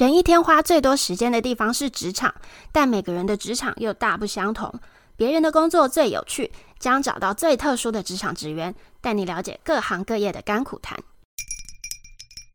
人一天花最多時間的地方是職場，但每個人的職場又大不相同。別人的工作最有趣，將找到最特殊的職場職員，帶你了解各行各業的甘苦談。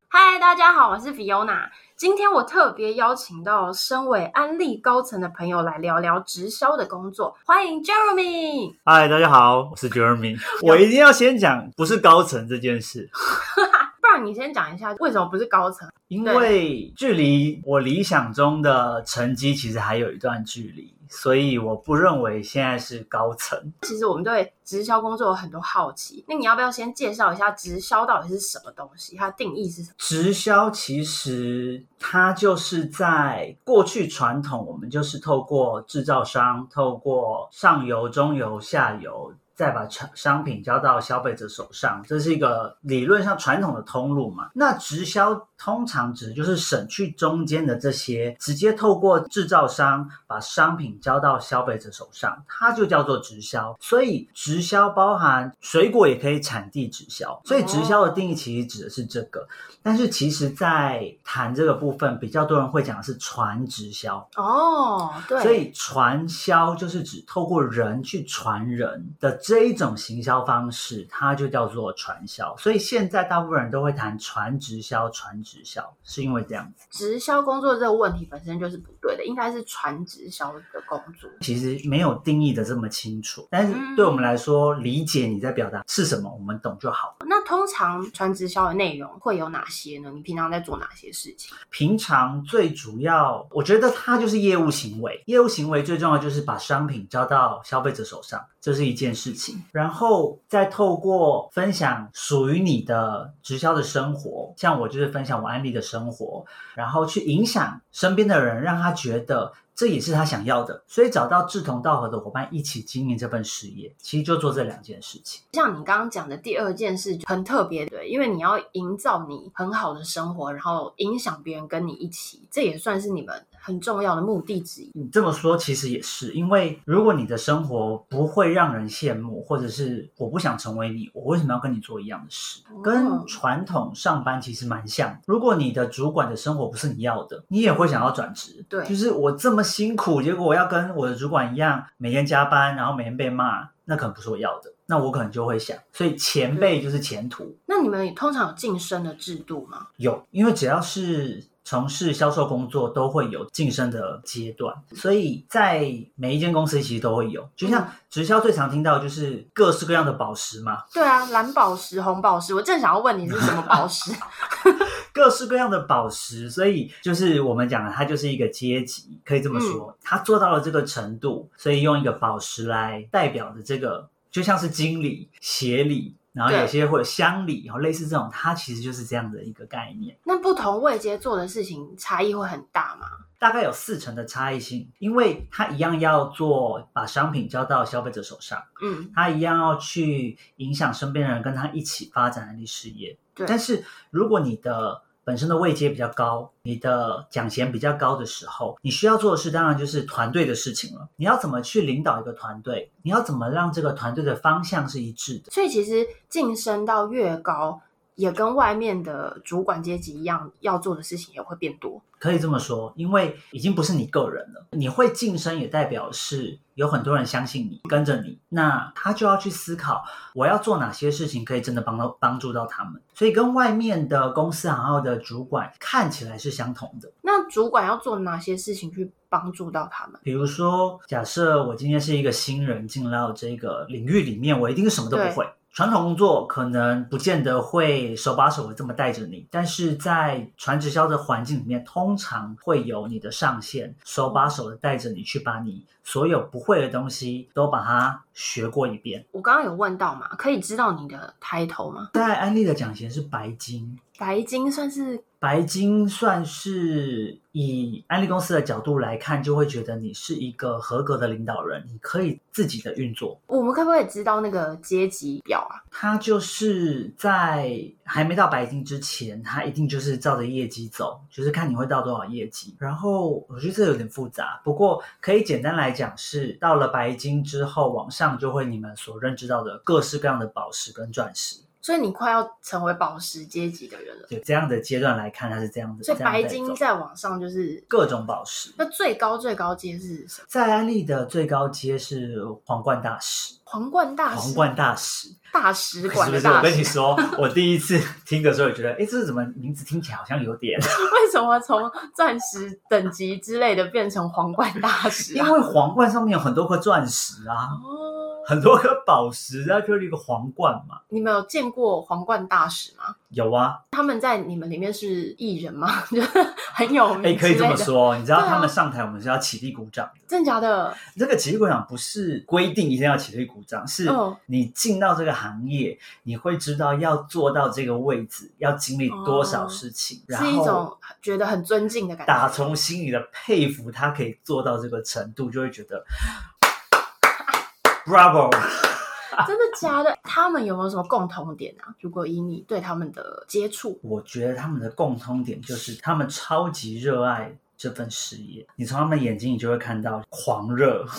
嗨，大家好，我是 Fiona。今天我特別邀請到身為安利高層的朋友來聊聊直銷的工作。歡迎 Jeremy。嗨，大家好，我是 Jeremy。 我一定要先講，不是高層這件事。 那你先講一下為什麼不是高層？因為，距離我理想中的成績其實還有一段距離，所以我不認為現在是高層。其實我們對直銷工作有很多好奇，那你要不要先介紹一下直銷到底是什麼東西？它的定義是什麼？直銷其實它就是在過去傳統，我們就是透過製造商，透過上游、中游、下游。再把產商品交到消費者手上，這是一個理論上傳統的通路嘛？那直銷通常指的就是省去中間的這些，直接透過制造商把商品交到消費者手上，它就叫做直銷。所以直銷包含水果也可以產地直銷，所以直銷的定義其實指的是這個。但是其實，在談這個部分，比較多人會講的是傳直銷。哦，對。所以傳銷就是指透過人去傳人的。這一種行銷方式，它就叫做傳銷。所以現在大部分人都會談傳直銷、傳直銷，是因為這樣子。直銷工作這個問題本身就是不對的，應該是傳直銷的工作。其實沒有定義的這麼清楚，但是對我們來說，嗯、理解你在表達是什麼，我們懂就好。那通常傳直銷的內容會有哪些呢？你平常在做哪些事情？平常最主要，我覺得它就是業務行為。業務行為最重要就是把商品交到消費者手上，這、就是一件事。然後再透過分享屬於你的直銷的生活，像我就是分享我安麗的生活，然後去影響身邊的人，讓他覺得，這也是他想要的，所以找到志同道合的伙伴一起經營這份事業，其實就做這兩件事情。像你剛剛講的第二件事，很特別對，因為你要營造你很好的生活，然後影響別人跟你一起，這也算是你們很重要的目的之一。嗯，你這麼說，其實也是因為，如果你的生活不會讓人羨慕，或者是我不想成為你，我為什麼要跟你做一樣的事？嗯，跟傳統上班其實蠻像的。如果你的主管的生活不是你要的，你也會想要轉職。嗯，對，就是我這麼。辛苦，結果我要跟我的主管一樣，每天加班，然後每天被罵，那可能不是我要的。那我可能就會想，所以前輩就是前途。嗯。那你們也通常有晉升的制度嗎？有，因為只要是從事銷售工作，都會有晉升的階段。所以在每一間公司其實都會有，就像直銷最常聽到就是各式各樣的寶石嘛。對啊，藍寶石、紅寶石。我正想要問你是什麼寶石。 各式各樣的寶石，所以就是我們講的，它就是一個階級，可以這麼說，嗯，它做到了這個程度，所以用一個寶石來代表的這個，就像是經理、協理，然後有些或者襄理，然後類似這種，它其實就是這樣的一個概念。那不同位階做的事情差異會很大嗎？大概有四成的差異性，因為它一樣要做把商品交到消費者手上，嗯，他一樣要去影響身邊的人，跟他一起發展的事業。對，但是如果你的本身的位階比較高，你的獎銜比較高的時候，你需要做的事當然就是團隊的事情了。你要怎麼去領導一個團隊？你要怎麼讓這個團隊的方向是一致的？所以其實晉升到越高。也跟外面的主管階級一樣，要做的事情也會變多，可以這麼說，因為已經不是你個人了，你會晉升也代表是有很多人相信你，跟着你。那他就要去思考，我要做哪些事情可以真的幫到幫助到他們。所以跟外面的公司、行號的主管看起來是相同的。那主管要做哪些事情去幫助到他們？比如說，假設我今天是一個新人進到這個領域裡面，我一定是什麼都不會。傳統工作可能不見得會手把手的這麼帶着你，但是在傳直銷的環境裡面，通常會有你的上線手把手的帶着你去把你所有不會的東西都把它學過一遍。我剛剛有問到嘛，可以知道你的 title 嗎？在安利的獎銜是白金，白金算是。白金算是以安利公司的角度來看，就會覺得你是一個合格的領導人，你可以自己的運作。我們可不可以知道那個階級表啊？它就是在還沒到白金之前，它一定就是照着業績走，就是看你會到多少業績。然後我覺得這個有點複雜，不過可以簡單來講是，是到了白金之後，往上就會你們所認知到的各式各樣的寶石跟鑽石。所以你快要成為寶石階級的人了。就這樣的階段來看，它是這樣子。所以白金再往上就是各種寶石，石那最高最高階是什麼？在安利的最高階是皇冠大使。皇冠大使，皇冠大使，大使館大使是不是？我跟你說， 我第一次聽的時候也覺得，哎、欸，這是怎麼名字？聽起來好像有點。 為什麼從鑽石等級之類的變成皇冠大使，啊？因為皇冠上面有很多塊鑽石啊。哦很多顆寶石，然後就是一個皇冠嘛。你們有見過皇冠大使嗎？有啊，他們在你們裡面是藝人嗎？ 很有名、欸。可以這麼說。你知道他們上台，我們是要起立鼓掌的。真假的？這個起立鼓掌不是規定一定要起立鼓掌，是你進到這個行業，哦、你會知道要做到這個位置要經歷多少事情，哦、然後是一種覺得很尊敬的感覺，打從心裡的佩服他可以做到這個程度，就會覺得。Bravo！真的假的？啊、他們有沒有什麼共同點啊？如果以你對他們的接觸，我覺得他們的共同點就是他們超級熱愛這份事業。你從他們眼睛裡就會看到狂熱。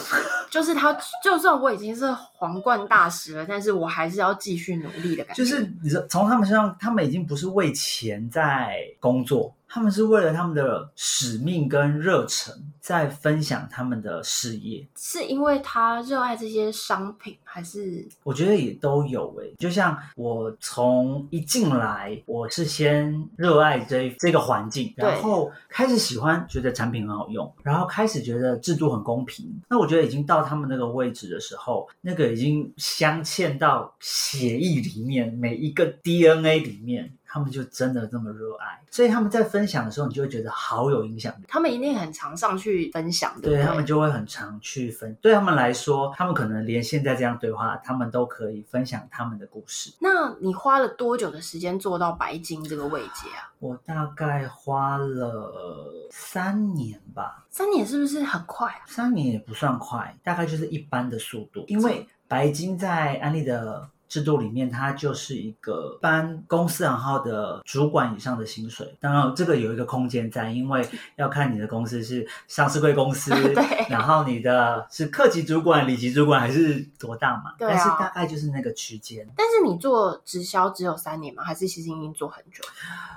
就是他，就算我已經是皇冠大使了，但是我還是要繼續努力的感覺。就是你說從他們身上，他們已經不是為錢在工作，他們是為了他們的使命跟熱忱在分享他們的事業。是因為他熱愛這些商品，還是？我覺得也都有哎、欸，就像我從一進來，我是先熱愛這這個環境，對然後開始喜歡，覺得產品很好用，然後開始覺得制度很公平。那我覺得已經到。到他們那個位置的時候，那個已經鑲嵌到血液裡面，每一個 DNA 裡面。他們就真的這麼熱愛，所以他們在分享的時候，你就會覺得好有影響力。他們一定很常上去分享的，對不對？對，他們就會很常去分。對他們來說，他們可能連現在這樣對話，他們都可以分享他們的故事。那你花了多久的時間做到白金這個位階啊？我大概花了三年吧。三年是不是很快啊？三年也不算快，大概就是一般的速度。因為白金在安利的。制度裡面，它就是一個一般公司然後的主管以上的薪水，當然這個有一個空間在，因為要看你的公司是上市櫃公司， 對，然後你的是客級主管、里級主管還是多大嘛？對、啊，但是大概就是那個區間。但是你做直銷只有三年嗎？還是其實已經做很久？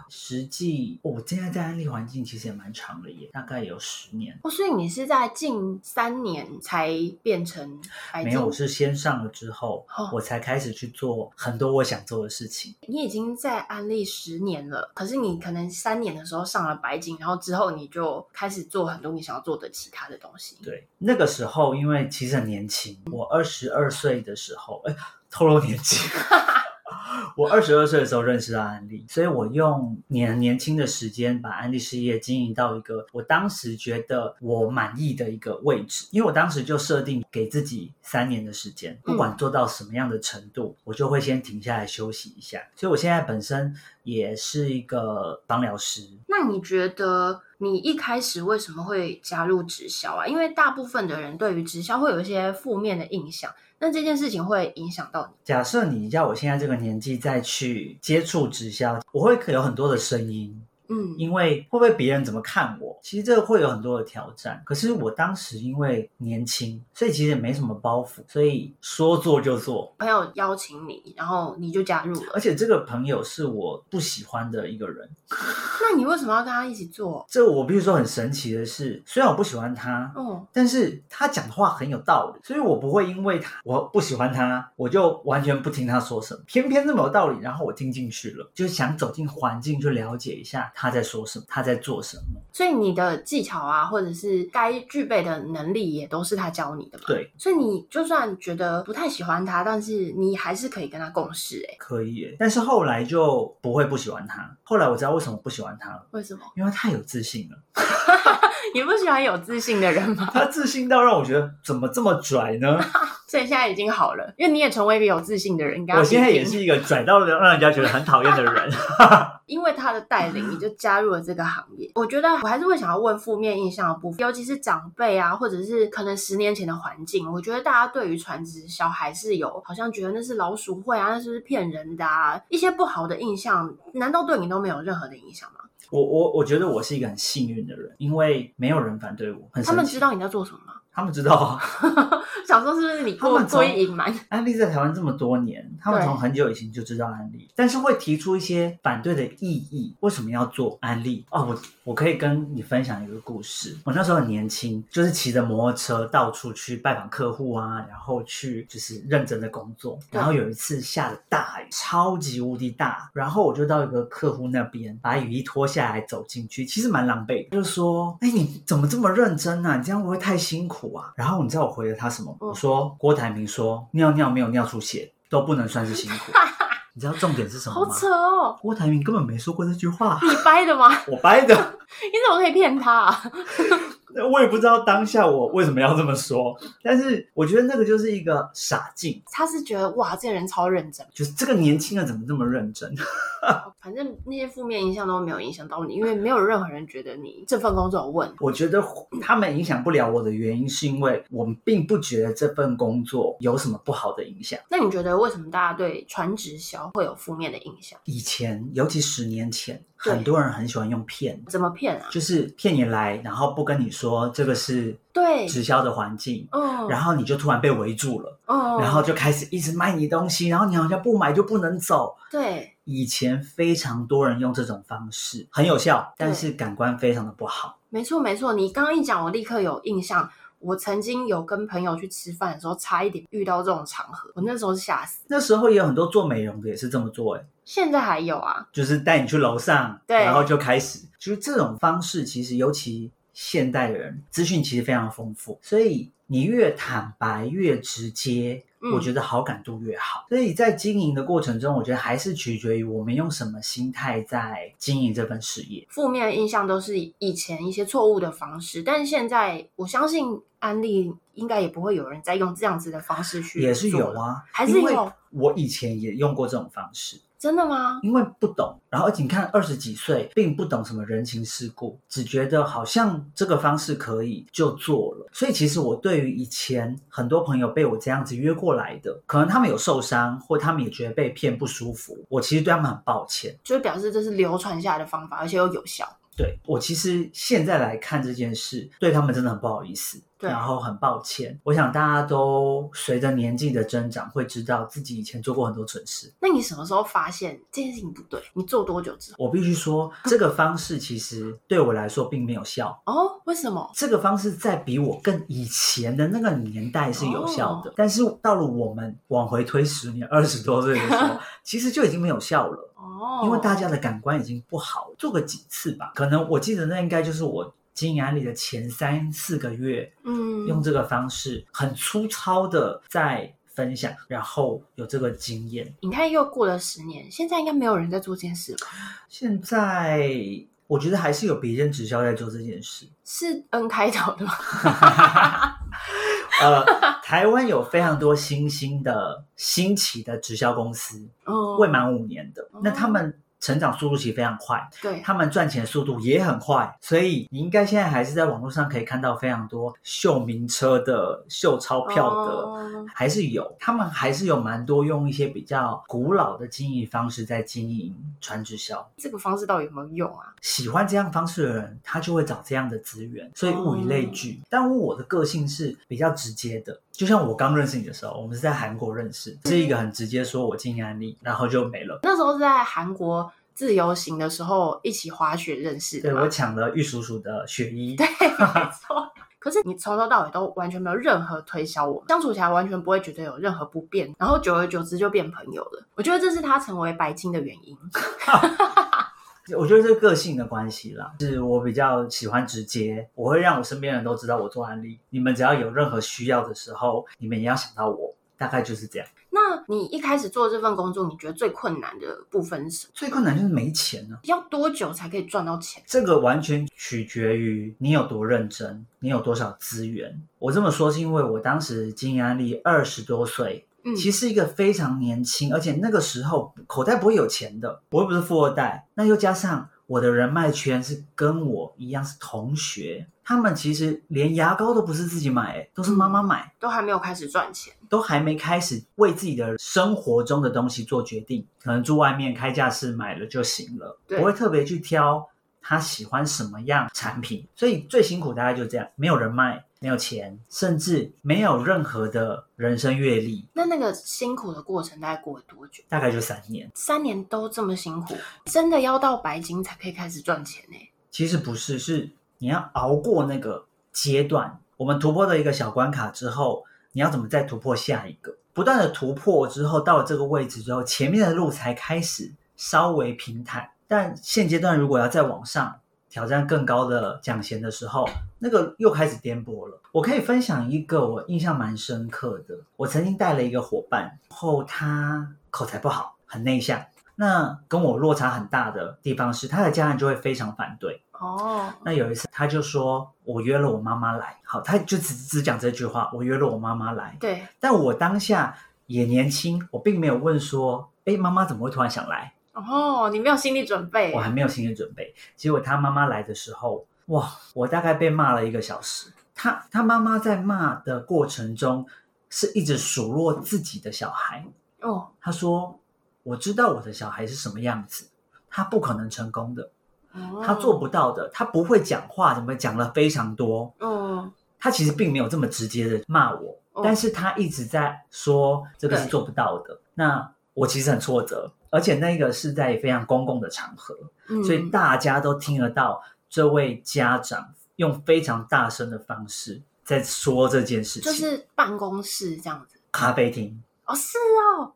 實際、哦、我現在在安麗環境其實也蠻長了耶，大概有十年。哦，所以你是在近三年才變成白金？沒有，我是先上了之後，哦、我才開始。去做很多我想做的事情。你已經在安利十年了，可是你可能三年的時候上了白金，然後之後你就開始做很多你想要做的其他的東西。對，那個時候因為其實很年輕，我二十二歲的時候，哎，透露年紀。 我二十二歲的時候認識到安利，所以我用年年輕的時間把安利事業經營到一個我當時覺得我滿意的一個位置。因為我當時就設定給自己三年的時間，不管做到什麼樣的程度，我就會先停下來休息一下。所以我現在本身也是一個芳療師，那你覺得？你一開始為什麼會加入直銷啊？因為大部分的人對於直銷會有一些負面的印象，那這件事情會影響到你。假設你要我現在這個年紀再去接觸直銷，我會可有很多的聲音。嗯，因為會不會別人怎麼看我？其實這個會有很多的挑戰。可是我當時因為年輕，所以其實也沒什麼包袱，所以說做就做。朋友邀請你，然後你就加入了。而且這個朋友是我不喜歡的一個人，那你為什麼要跟他一起做？這我必須說，很神奇的是，雖然我不喜歡他，但是他講的話很有道理，所以我不會因為他我不喜歡他，我就完全不聽他說什麼。偏偏這麼有道理，然後我聽進去了，就想走進環境去了解一下。他在說什麼？他在做什麼？所以你的技巧啊，或者是該具備的能力，也都是他教你的嘛。對。所以你就算覺得不太喜歡他，但是你還是可以跟他共事，哎，可以。但是後來就不會不喜歡他。後來我知道為什麼不喜歡他了，為什麼？因為他太有自信了。 你不喜歡有自信的人嗎？他自信到讓我覺得怎麼這麼拽呢？ 所以現在已經好了，因為你也成為一個有自信的人，應該。我現在也是一個拽到讓讓人家覺得很討厭的人。 因為他的帶領，你就加入了這個行業。 我覺得我還是會想要問負面印象的部分，尤其是長輩啊，或者是可能十年前的環境，我覺得大家對於傳直銷還是有好像覺得那是老鼠會啊，那是不是騙人的啊，一些不好的印象，難道對你都沒有任何的影響嗎？我我我覺得我是一個很幸運的人，因為沒有人反對我。很，他們知道你在做什麼嗎？他們知道啊。 小時候是不是你故意隱瞞？安利在台灣這麼多年，他們從很久以前就知道安利，對但是會提出一些反對的意義，為什麼要做安利？哦，我我可以跟你分享一個故事。我那時候很年輕，就是騎着摩托車到處去拜訪客戶啊，然後去就是認真的工作。然後有一次下了大雨，對超級無敵大，然後我就到一個客戶那邊，把雨衣脫下來走進去，其實蠻狼狽。就是說，哎、欸，你怎麼這麼認真啊？你這樣不會太辛苦啊？然後你知道我回了他。我說，郭台銘說尿尿沒有尿出血都不能算是辛苦， 你知道重點是什麼嗎？好扯哦，郭台銘根本沒說過這句話，你掰的嗎？我掰的。 你怎麼可以騙他啊？ 我也不知道當下我為什麼要這麼說，但是我覺得那個就是一個傻勁。他是覺得哇，這個人超認真，就是這個年輕人怎麼這麼認真？ 反正那些負面影響都沒有影響到你，因為沒有任何人覺得你這份工作有問題。 我覺得他們影響不了我的原因，是因為我們並不覺得這份工作有什麼不好的影響。那你覺得為什麼大家對傳直銷會有負面的印象？以前，尤其十年前。對很多人很喜歡用騙，怎麼騙啊？就是騙你來，然後不跟你說這個是對直銷的環境，嗯，哦、然後你就突然被圍住了，哦，然後就開始一直賣你東西，然後你好像不買就不能走。對，以前非常多人用這種方式，很有效，但是感官非常的不好。沒錯，沒錯，你剛剛一講，我立刻有印象。我曾經有跟朋友去吃飯的時候，差一點遇到這種場合，我那時候是嚇死。那時候也有很多做美容的也是這麼做、欸，哎。現在還有啊，就是帶你去樓上，對，然後就開始，就是這種方式，其實尤其現代的人，資訊其實非常豐富，所以你越坦白越直接，嗯，我覺得好感度越好。所以在經營的過程中，我覺得還是取決於我們用什麼心態在經營這份事業。負面的印象都是以前一些錯誤的方式，但現在我相信安麗應該也不會有人再用這樣子的方式去，也是有啊，還是有因為我以前也用過這種方式。真的嗎？因為不懂，然後而且你看二十幾歲，並不懂什麼人情世故，只覺得好像這個方式可以就做了。所以其實我對於以前很多朋友被我這樣子約過來的，可能他們有受傷，或他們也覺得被騙不舒服，我其實對他們很抱歉。就是表示這是流傳下來的方法，而且又有效。對，我其實現在來看這件事，對他們真的很不好意思。對然後很抱歉，我想大家都隨着年紀的增長，會知道自己以前做過很多蠢事。那你什麼時候發現這件事情不對？你做多久之後？我必須說，這個方式其實對我來說並沒有效。哦，為什麼？這個方式在比我更以前的那個年代是有效的，哦、但是到了我們往回推十年、二十多歲的時候， 其實就已經沒有效了。哦，因為大家的感官已經不好。做個幾次吧，可能我記得那應該就是我。經營安利裡的前三四個月，嗯，用這個方式很粗糙的在分享，然後有這個經驗。你看，又過了十年，現在應該沒有人在做這件事吧？現在我覺得還是有別間直銷在做這件事，是 N 開頭的嗎？ 呃，台灣有非常多新興的新奇的直銷公司，未滿五年的，那他們。成長速度其實非常快，對，他們賺錢的速度也很快，所以你應該現在還是在網絡上可以看到非常多秀名車的、秀鈔票的，哦、還是有，他們還是有蠻多用一些比較古老的經營方式在經營傳直銷，這個方式到底有沒有用啊？喜歡這樣方式的人，他就會找這樣的資源，所以物以類聚。嗯、但我的個性是比較直接的。就像我剛認識你的時候，我們是在韓國認識，是一個很直接說“我進安利”，然後就沒了。那時候是在韓國自由行的時候一起滑雪認識的。對，我搶了玉叔叔的雪衣，對，沒錯。 可是你從頭到尾都完全沒有任何推銷我們，我相處起來完全不會覺得有任何不便，然後久而久之就變朋友了。我覺得這是他成為白金的原因。啊 我覺得這個，個性的關係啦，是我比較喜歡直接，我會讓我身邊的人都知道我做安利，你們只要有任何需要的時候，你們也要想到我，大概就是這樣。那你一開始做這份工作，你覺得最困難的部分是什麼？最困難就是沒錢了、啊，要多久才可以賺到錢？這個完全取決於你有多認真，你有多少資源。我這麼說是因為我當時經營安利二十多歲。其實一個非常年輕，而且那個時候口袋不會有錢的，我又不是富二代。那又加上我的人脈圈是跟我一樣是同學，他們其實連牙膏都不是自己買，都是媽媽買，嗯、都還沒有開始賺錢，都還沒開始為自己的生活中的東西做決定，可能住外面開架式買了就行了，對不會特別去挑他喜歡什麼樣產品。所以最辛苦大概就這樣，沒有人脈，沒有錢，甚至沒有任何的人生閱歷。那那個辛苦的過程大概過了多久？大概就三年，三年都這麼辛苦，真的要到白金才可以開始賺錢呢、欸？其實不是，是你要熬過那個階段，我們突破了一個小關卡之後，你要怎麼再突破下一個？不斷的突破之後，到了這個位置之後，前面的路才開始稍微平坦。但現階段如果要再往上，挑戰更高的獎銜的時候，那個又開始顛簸了。我可以分享一個我印象蠻深刻的，我曾經帶了一個夥伴，然後他口才不好，很內向。那跟我落差很大的地方是，他的家人就會非常反對。哦，oh. 那有一次他就說，我約了我媽媽來。好，他就只只講這句話，我約了我媽媽來。對，但我當下也年輕，我並沒有問說，哎、欸，媽媽怎麼會突然想來？哦，oh, 你沒有心理準備，我還沒有心理準備。結果他媽媽來的時候，哇，我大概被罵了一個小時。他他媽媽在罵的過程中，是一直數落自己的小孩。哦，oh. 他說：“我知道我的小孩是什麼樣子，他不可能成功的，oh. 他做不到的，他不會講話，怎麼會講了非常多。”嗯，他其實並沒有這麼直接的罵我，oh. 但是他一直在說這個是做不到的。對那我其實很挫折。而且那個是在非常公共的場合，嗯、所以大家都聽得到這位家長用非常大聲的方式在說這件事情。就是辦公室這樣子，咖啡廳哦，是哦，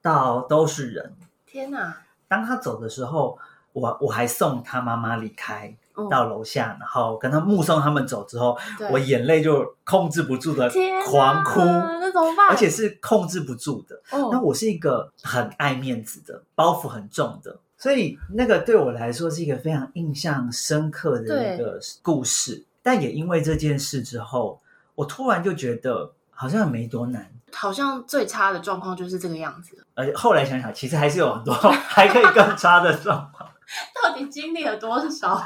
到都是人。天哪、啊！當他走的時候，我我還送他媽媽離開。到樓下，嗯、然後跟他目送他們走之後，對我眼淚就控制不住的狂哭，那怎麼辦？而且是控制不住的。哦、那我是一個很愛面子的，包袱很重的，所以那個對我來說是一個非常印象深刻的一個故事。對但也因為這件事之後，我突然就覺得好像沒多難，好像最差的狀況就是這個樣子。而且後來想想，其實還是有很多還可以更差的狀況。 到底經歷了多少？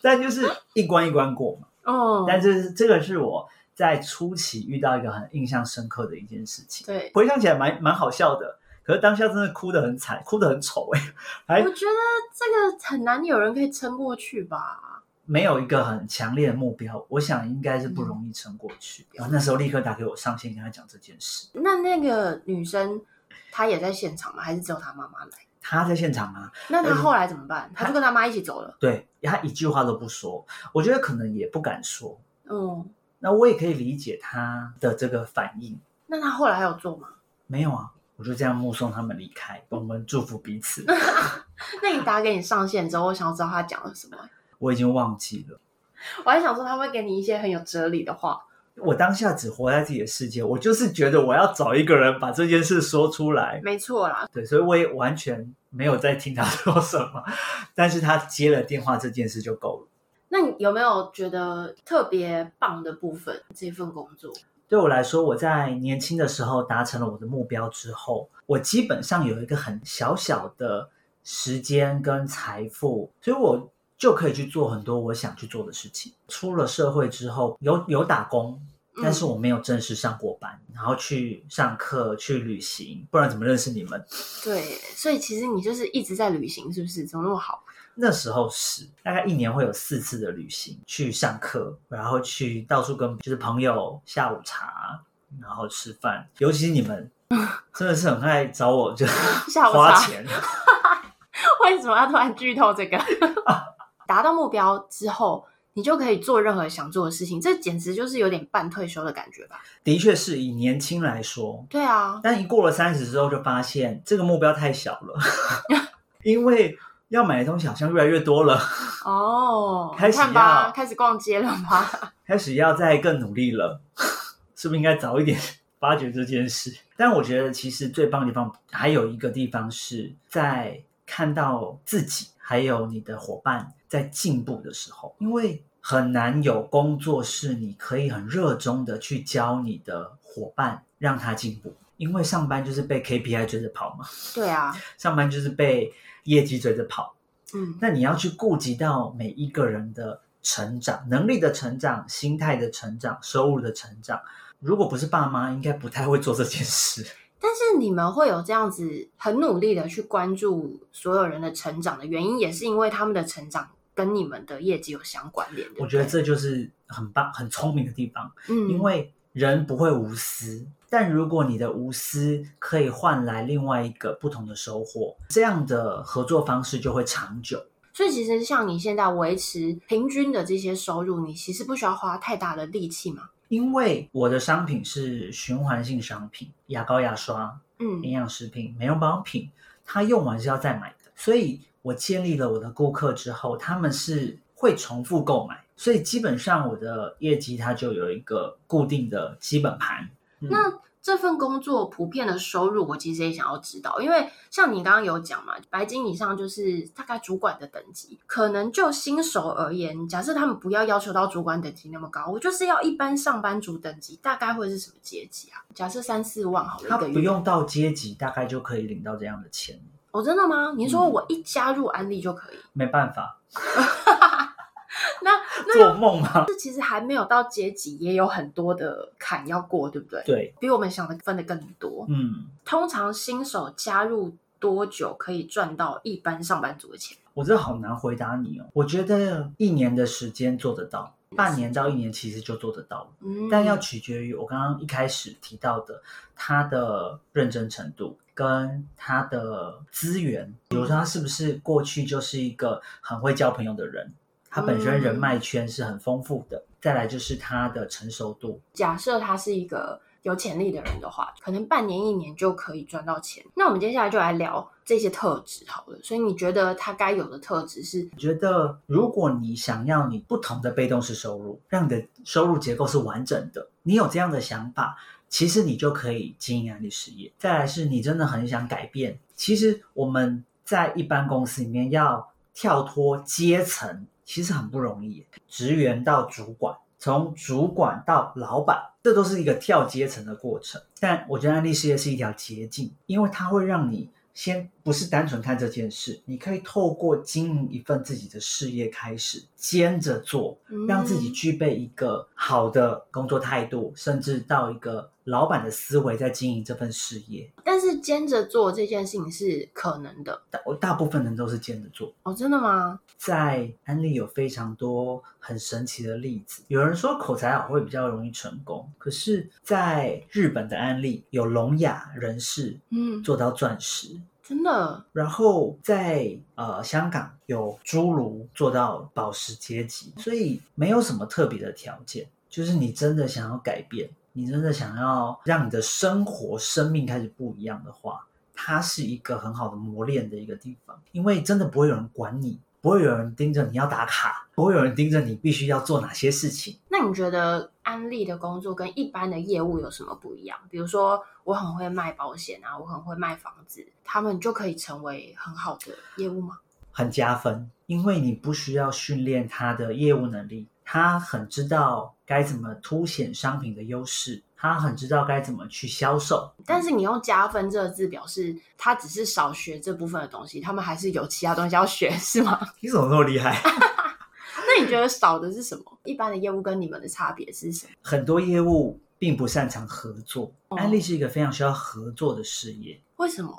但就是一關一關過嘛。哦、嗯，但、就是這個是我在初期遇到一個很印象深刻的一件事情。對，回想起來蠻蠻好笑的，可是當下真的哭得很慘，哭得很醜、欸、哎。我覺得這個很難有人可以撐過去吧。沒有一個很強烈的目標，我想應該是不容易撐過去。有然後那時候立刻打給我上線跟他講這件事。那那個女生她也在現場嗎？還是只有她媽媽來？他在現場啊，那他後來怎麼辦？且他，他就跟他媽一起走了。對，他一句話都不說，我覺得可能也不敢說。嗯，那我也可以理解他的這個反應。那他後來還有做嗎？沒有啊，我就這樣目送他們離開，我們祝福彼此。 那你打給你上線之後，我想要知道他講了什麼，我已經忘記了。我還想說他會給你一些很有哲理的話。我當下只活在自己的世界，我就是覺得我要找一個人把這件事說出來，沒錯啦。對，所以我也完全沒有在聽他說什麼，但是他接了電話這件事就夠了。那你有沒有覺得特別棒的部分？這份工作對我來說，我在年輕的時候達成了我的目標之後，我基本上有一個很小小的時間跟財富，所以我。就可以去做很多我想去做的事情。出了社會之後，有有打工，但是我沒有正式上過班。嗯、然後去上課，去旅行，不然怎麼認識你們？對，所以其實你就是一直在旅行，是不是？怎麼那麼好？那時候是大概一年會有四次的旅行，去上課，然後去到處跟就是朋友下午茶，然後吃飯。尤其是你們， 真的是很愛找我，就花錢。下午 為什麼要突然劇透這個？ 達到目標之後，你就可以做任何想做的事情，這簡直就是有點半退休的感覺吧？的確，是以年輕來說，對啊。但一過了三十之後，就發現這個目標太小了， 因為要買的東西好像越來越多了。哦，oh, 開始看吧，開始逛街了嗎？開始要再更努力了，是不是應該早一點發掘這件事？但我覺得，其實最棒的地方還有一個地方是在看到自己，還有你的夥伴。在進步的時候，因為很難有工作是你可以很熱衷的去教你的夥伴，讓他進步，因為上班就是被 KPI 追着跑嘛。對啊，上班就是被業績追着跑。嗯，那你要去顧及到每一個人的成長、能力的成長、心態的成長、收入的成長，如果不是爸媽，應該不太會做這件事。但是你們會有這樣子很努力的去關注所有人的成長的原因，也是因為他們的成長。跟你們的業績有相關聯，對不對？我覺得這就是很棒、很聰明的地方。嗯，因為人不會無私，但如果你的無私可以換來另外一個不同的收穫，這樣的合作方式就會長久。所以，其實像你現在維持平均的這些收入，你其實不需要花太大的力氣嘛。因為我的商品是循環性商品，牙膏、牙刷，嗯，營養食品、美容保養品，它用完是要再買的，所以。我建立了我的顧客之後，他們是會重複購買，所以基本上我的業績它就有一個固定的基本盤。嗯，那這份工作普遍的收入，我其實也想要知道，因為像你剛剛有講嘛，白金以上就是大概主管的等級，可能就新手而言，假設他們不要要求到主管等級那麼高，我就是要一般上班族等級，大概會是什麼階級啊？假設三四萬好了，不用到階級，大概就可以領到這樣的錢。哦，真的嗎？你說我一加入安麗就可以、嗯？沒辦法， 那、那個、做夢嗎？這其實還沒有到階級，也有很多的坎要過，對不對？對比我們想的分的更多。嗯，通常新手加入多久可以賺到一般上班族的錢？我真的好難回答你哦。我覺得一年的時間做得到，的半年到一年其實就做得到了，嗯、但要取決於我剛剛一開始提到的他的認真程度。跟他的資源，比如說他是不是過去就是一個很會交朋友的人，他本身人脈圈是很豐富的。再來就是他的成熟度。假設他是一個有潛力的人的話， 可能半年一年就可以賺到錢。那我們接下來就來聊這些特質好了。所以你覺得他該有的特質是？你覺得如果你想要你不同的被動式收入，讓你的收入結構是完整的，你有這樣的想法？其實你就可以經營安麗事業。再來是你真的很想改變。其實我們在一般公司裡面要跳脫階層，其實很不容易。職員到主管，從主管到老闆，這都是一個跳階層的過程。但我覺得安麗事業是一條捷徑，因為它會讓你。先不是單純看這件事，你可以透過經營一份自己的事業開始兼着做，讓自己具備一個好的工作態度，嗯、甚至到一個老板的思維在經營這份事業。但是兼着做這件事情是可能的，大大部分人都是兼着做哦。真的嗎？在安利有非常多。很神奇的例子，有人說口才好會比較容易成功，可是在日本的案例有聾啞人士，嗯，做到鑽石，真的。然後在呃香港有侏儒做到寶石階級，所以沒有什麼特別的條件，就是你真的想要改變，你真的想要讓你的生活、生命開始不一樣的話，它是一個很好的磨練的一個地方，因為真的不會有人管你。不會有人盯着你要打卡，不會有人盯着你必須要做哪些事情。那你覺得安麗的工作跟一般的業務有什麼不一樣？比如說，我很會賣保險啊，我很會賣房子，他們就可以成為很好的業務嗎？很加分，因為你不需要訓練他的業務能力。他很知道該怎麼凸顯商品的優勢，他很知道該怎麼去銷售。但是你用“加分”這個字表示，他只是少學這部分的東西，他們還是有其他東西要學，是嗎？你怎麼這麼厲害？那你覺得少的是什麼？ 一般的業務跟你們的差別是誰？很多業務並不擅長合作，安麗、嗯、是一個非常需要合作的事業。為什麼？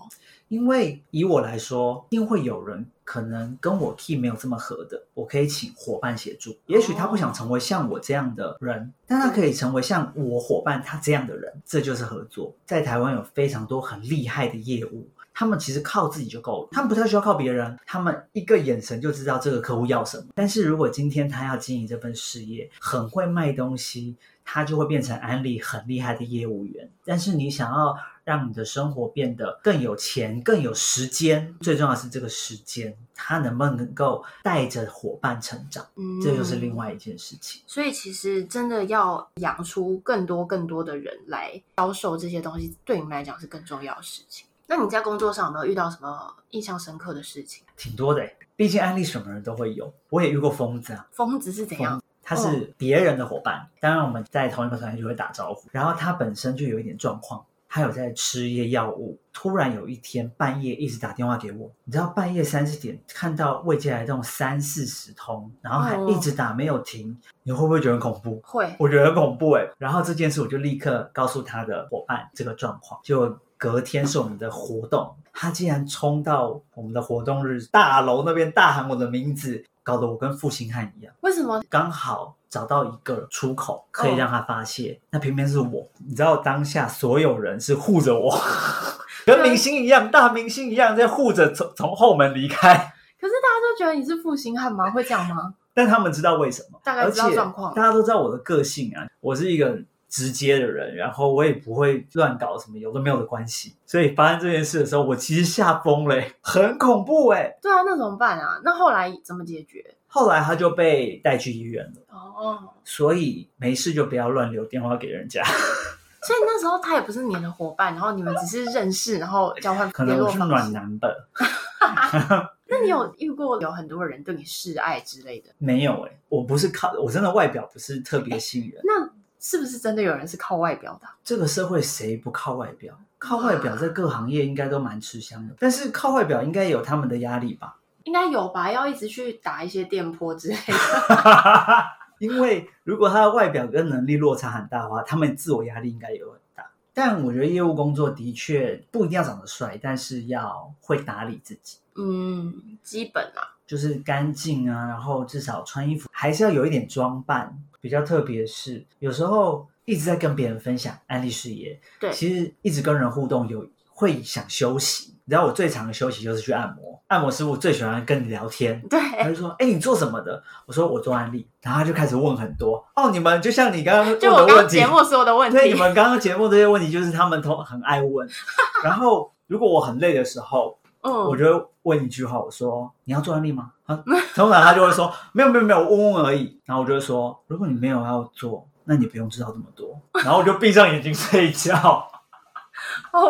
因為以我來說，一定會有人可能跟我 key 沒有這麼合的，我可以請夥伴協助。也許他不想成為像我這樣的人，Oh. 但他可以成為像我夥伴他這樣的人，這就是合作。在台灣有非常多很厲害的業務，他們其實靠自己就夠了，他們不太需要靠別人，他們一個眼神就知道這個客戶要什麼。但是如果今天他要經營這份事業，很會賣東西。他就會變成安利很厲害的業務員，嗯、但是你想要讓你的生活變得更有錢、更有時間，嗯、最重要的是這個時間，他能不能夠帶着伙伴成長？嗯，這就是另外一件事情。所以其實真的要養出更多更多的人來銷售這些東西，對你們來講是更重要的事情。那你在工作上有沒有遇到什麼印象深刻的事情？挺多的、欸，畢竟安利什麼人都會有，我也遇過瘋子啊。瘋子是怎樣？他是別人的夥伴，哦、當然我們在同一個團隊就會打招呼。然後他本身就有一點狀況，他有在吃一些藥物。突然有一天半夜一直打電話給我，你知道半夜三四點看到未接來電三四十通，然後還一直打沒有停，哦、你會不會覺得很恐怖？會，我覺得很恐怖誒、欸、然後這件事我就立刻告訴他的夥伴這個狀況，就隔天是我們的活動，嗯、他竟然衝到我們的活動日大樓那邊大喊我的名字。搞得我跟負心漢一樣，為什麼？剛好找到一個出口可以讓他發洩，oh. 那偏偏是我，你知道當下所有人是護着我， 跟明星一樣，大明星一樣在護着，從從後門離開 。可是大家都覺得你是負心漢嗎？會這樣嗎？但他們知道為什麼，大概知道狀況，大家都知道我的個性啊，我是一個。直接的人，然後我也不會亂搞什麼有都沒有的關係，所以發生這件事的時候，我其實嚇瘋了，很恐怖哎、欸。對啊，那怎麼辦啊？那後來怎麼解決？後來他就被帶去醫院了。哦，oh. 所以沒事就不要亂留電話給人家。 所以那時候他也不是你的夥伴，然後你們只是認識， 然後交換可能我是暖男吧。 那你有遇過有很多人對你示愛之類的？沒有哎、欸，我不是靠，我真的外表不是特別吸引人。那。是不是真的有人是靠外表的？啊？這個社會誰不靠外表？靠外表在各行業應該都蠻吃香的。啊，但是靠外表應該有他們的壓力吧？應該有吧？要一直去打一些電波之類的。 因為如果他的外表跟能力落差很大的話，他們自我壓力應該也有很大。但我覺得業務工作的確不一定要長得帥，但是要會打理自己。嗯，基本啊。就是乾淨啊，然後至少穿衣服還是要有一點裝扮。比較特別是有時候一直在跟別人分享安利事業，對，其實一直跟人互動有會想休息。然後我最常的休息就是去按摩，按摩師傅最喜歡跟你聊天，對，他就說：“哎、欸，你做什麼的？”我說：“我做安利。”然後他就開始問很多哦，你們就像你剛剛問問就我剛剛節目說的問題，對，你們剛剛節目這些問題就是他們都很愛問。 然後如果我很累的時候。 我就問一句話，我說你要做安麗嗎？啊、通常他就會說沒有沒有沒有，問問而已。然後我就會說，如果你沒有要做，那你不用知道這麼多。 然後我就閉上眼睛睡覺，好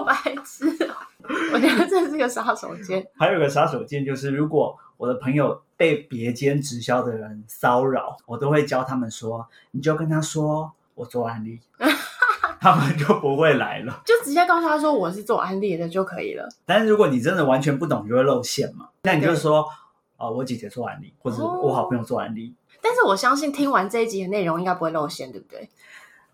白痴。我覺得這是個殺手鐧。 還有個殺手鐧就是，如果我的朋友被別間直銷的人騷擾，我都會教他們說，你就跟他說我做安麗。 他們就不會來了，就直接告訴他說我是做安利的就可以了。但是如果你真的完全不懂，你就會露餡嘛，那你就說啊對、哦，我姐姐做安利，或者我好朋友做安利，哦。但是我相信聽完這一集的內容應該不會露餡，對不對？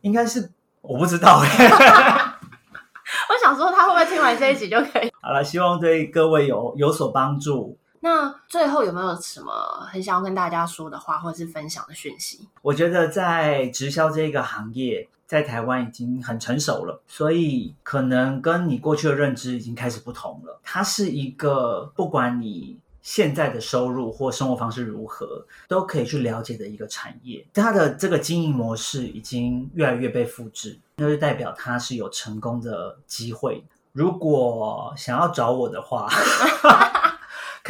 應該是我不知道、欸、 我想說他會不會聽完這一集就可以？ 好了，希望對各位有有所幫助。那最後有沒有什麼很想要跟大家說的話，或者是分享的訊息？我覺得在直銷這一個行業，在台灣已經很成熟了，所以可能跟你過去的認知已經開始不同了。它是一個不管你現在的收入或生活方式如何，都可以去了解的一個產業。它的這個經營模式已經越來越被複製，那就代表它是有成功的機會。如果想要找我的話。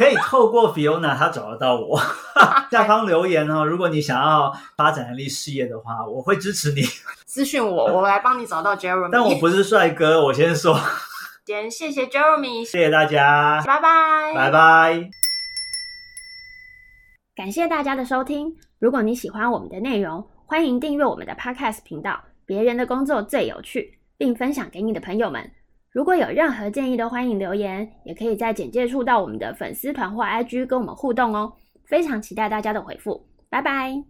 可以透過 Fiona，他找得到我。 下方留言哦，如果你想要發展安麗事業的話，我會支持你。私訊我，我來幫你找到 Jeremy。 但我不是帥哥，我先說 。先謝謝 Jeremy，謝謝大家，拜拜 bye，拜拜 bye。感謝大家的收聽。如果你喜歡我們的內容，歡迎訂閱我們的 Podcast 頻道。別人的工作最有趣，並分享給你的朋友們。如果有任何建議，都歡迎留言，也可以在簡介處到我們的粉絲團或 IG 跟我們互動哦。非常期待大家的回復，拜拜。